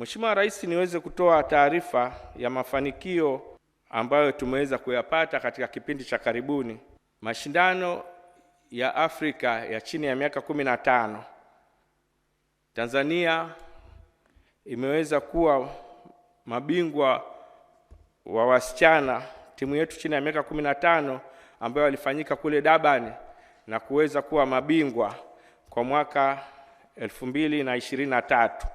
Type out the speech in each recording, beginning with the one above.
Mheshimiwa Rais, niweze kutoa taarifa ya mafanikio ambayo tumeweza kuyapata katika kipindi cha karibuni. Mashindano ya Afrika ya chini ya miaka kumi na tano, Tanzania imeweza kuwa mabingwa wa wasichana, timu yetu chini ya miaka kumi na tano ambayo walifanyika kule Durban na kuweza kuwa mabingwa kwa mwaka elfu mbili na ishirini na tatu.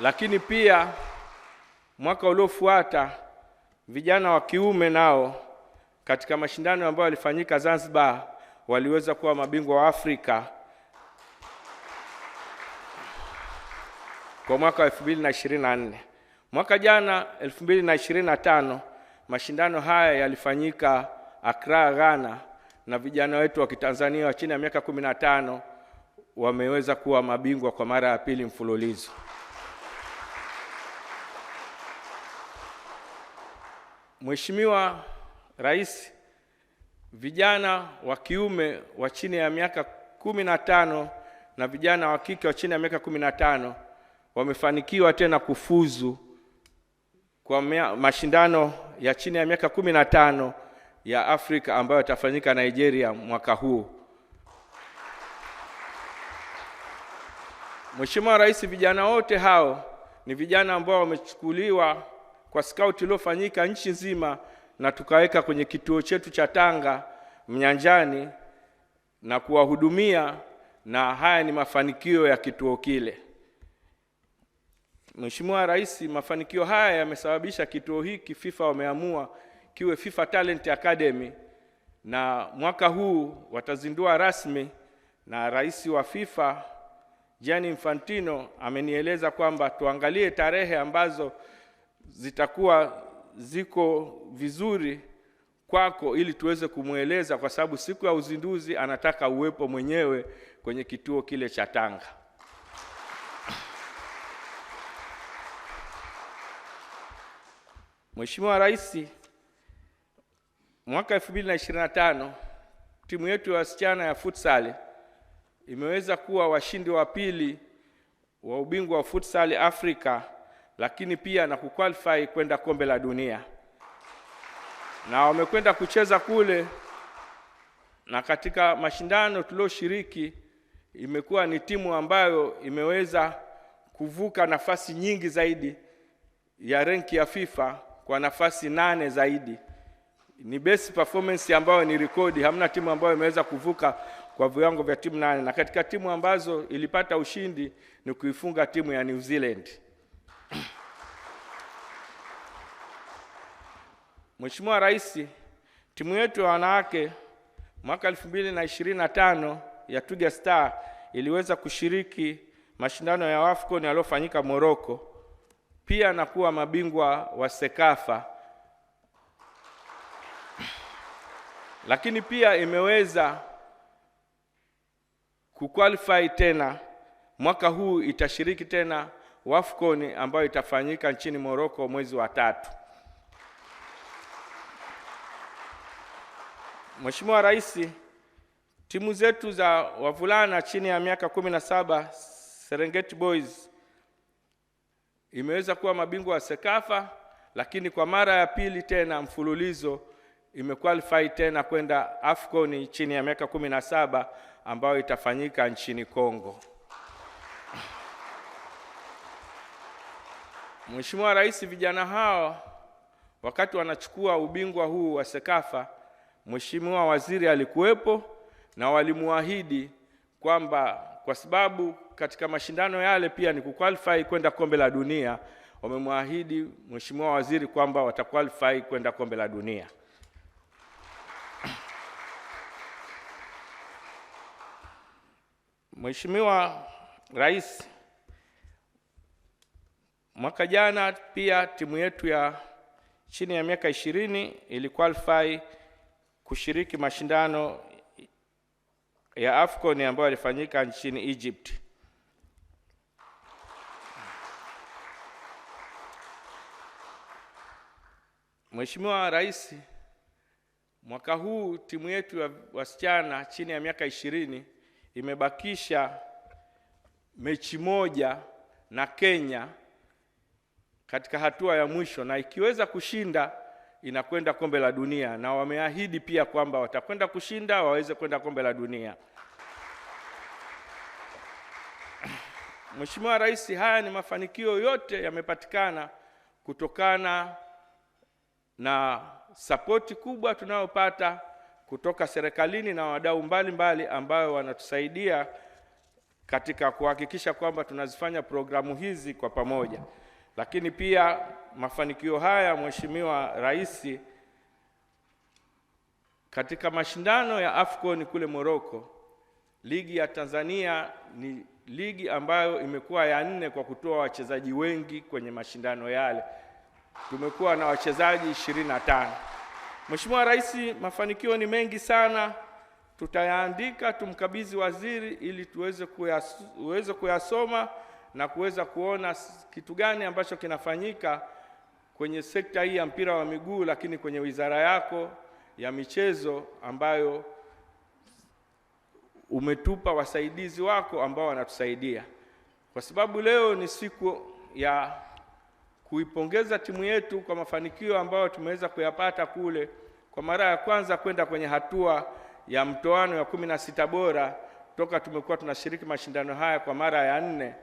Lakini pia mwaka uliofuata vijana wa kiume nao katika mashindano ambayo yalifanyika Zanzibar waliweza kuwa mabingwa wa Afrika kwa mwaka wa 2024. Mwaka jana 2025 mashindano haya yalifanyika Accra, Ghana na vijana wetu wa Kitanzania wa chini ya miaka 15 wameweza kuwa mabingwa kwa mara ya pili mfululizo. Mheshimiwa Rais, vijana wa kiume wa chini ya miaka kumi na tano na vijana wa kike wa chini ya miaka kumi na tano wamefanikiwa tena kufuzu kwa mea, mashindano ya chini ya miaka kumi na tano ya Afrika ambayo yatafanyika Nigeria mwaka huu. Mheshimiwa Rais, vijana wote hao ni vijana ambao wamechukuliwa kwa scout iliyofanyika nchi nzima na tukaweka kwenye kituo chetu cha Tanga Mnyanjani na kuwahudumia, na haya ni mafanikio ya kituo kile. Mheshimiwa Rais, mafanikio haya yamesababisha kituo hiki FIFA wameamua kiwe FIFA Talent Academy, na mwaka huu watazindua rasmi, na rais wa FIFA Gianni Infantino amenieleza kwamba tuangalie tarehe ambazo zitakuwa ziko vizuri kwako, ili tuweze kumweleza, kwa sababu siku ya uzinduzi anataka uwepo mwenyewe kwenye kituo kile cha Tanga. Mheshimiwa Rais, mwaka 2025 timu yetu ya wasichana ya futsal imeweza kuwa washindi wa pili wa ubingwa wa futsal Afrika lakini pia na kuqualify kwenda kombe la dunia, na wamekwenda kucheza kule, na katika mashindano tulioshiriki imekuwa ni timu ambayo imeweza kuvuka nafasi nyingi zaidi ya renki ya FIFA kwa nafasi nane zaidi. Ni best performance ambayo ni rekodi, hamna timu ambayo imeweza kuvuka kwa viwango vya timu nane, na katika timu ambazo ilipata ushindi ni kuifunga timu ya New Zealand. Mheshimiwa Rais, timu yetu ya wanawake mwaka 2025 ya Twiga Star iliweza kushiriki mashindano ya Wafcon yaliyofanyika Morocco, pia na kuwa mabingwa wa Sekafa, lakini pia imeweza kuqualify tena mwaka huu itashiriki tena Wafcon ambayo itafanyika nchini Morocco mwezi wa tatu. Mheshimiwa Rais, timu zetu za wavulana chini ya miaka kumi na saba Serengeti Boys imeweza kuwa mabingwa wa Sekafa, lakini kwa mara ya pili tena mfululizo imequalify tena kwenda Afcon chini ya miaka kumi na saba ambayo itafanyika nchini Kongo. Mheshimiwa Rais, vijana hao wakati wanachukua ubingwa huu wa Sekafa Mheshimiwa Waziri alikuwepo na walimuahidi kwamba kwa sababu katika mashindano yale pia ni kuqualify kwenda kombe la dunia, wamemwahidi Mheshimiwa Waziri kwamba wataqualify kwenda kombe la dunia. Mheshimiwa Rais, mwaka jana pia timu yetu ya chini ya miaka ishirini ilikwalifai kushiriki mashindano ya AFCON ambayo yalifanyika nchini Egypt. Mheshimiwa Rais, mwaka huu timu yetu ya wasichana chini ya miaka ishirini imebakisha mechi moja na Kenya katika hatua ya mwisho na ikiweza kushinda inakwenda kombe la dunia, na wameahidi pia kwamba watakwenda kushinda waweze kwenda kombe la dunia. Mheshimiwa Rais, haya ni mafanikio yote yamepatikana kutokana na sapoti kubwa tunayopata kutoka serikalini na wadau mbalimbali ambayo wanatusaidia katika kuhakikisha kwamba tunazifanya programu hizi kwa pamoja, lakini pia mafanikio haya Mheshimiwa Rais katika mashindano ya AFCON kule Morocco, ligi ya Tanzania ni ligi ambayo imekuwa ya nne kwa kutoa wachezaji wengi kwenye mashindano yale. Tumekuwa na wachezaji 25. Mheshimiwa Rais, mafanikio ni mengi sana, tutayaandika tumkabidhi waziri ili tuweze kuyas, uweze kuyasoma na kuweza kuona kitu gani ambacho kinafanyika kwenye sekta hii ya mpira wa miguu, lakini kwenye wizara yako ya michezo ambayo umetupa wasaidizi wako ambao wanatusaidia, kwa sababu leo ni siku ya kuipongeza timu yetu kwa mafanikio ambayo tumeweza kuyapata kule, kwa mara ya kwanza kwenda kwenye hatua ya mtoano ya kumi na sita bora toka tumekuwa tunashiriki mashindano haya kwa mara ya nne.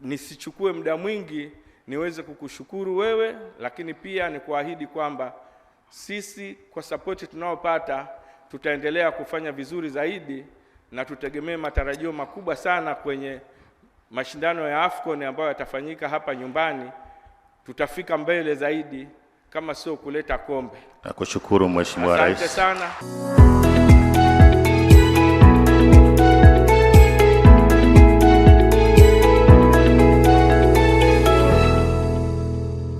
Nisichukue muda mwingi niweze kukushukuru wewe, lakini pia nikuahidi kwamba sisi kwa sapoti tunaopata tutaendelea kufanya vizuri zaidi na tutegemee matarajio makubwa sana kwenye mashindano ya AFCON ambayo yatafanyika hapa nyumbani. Tutafika mbele zaidi kama sio kuleta kombe. Nakushukuru Mheshimiwa Rais. Asante sana.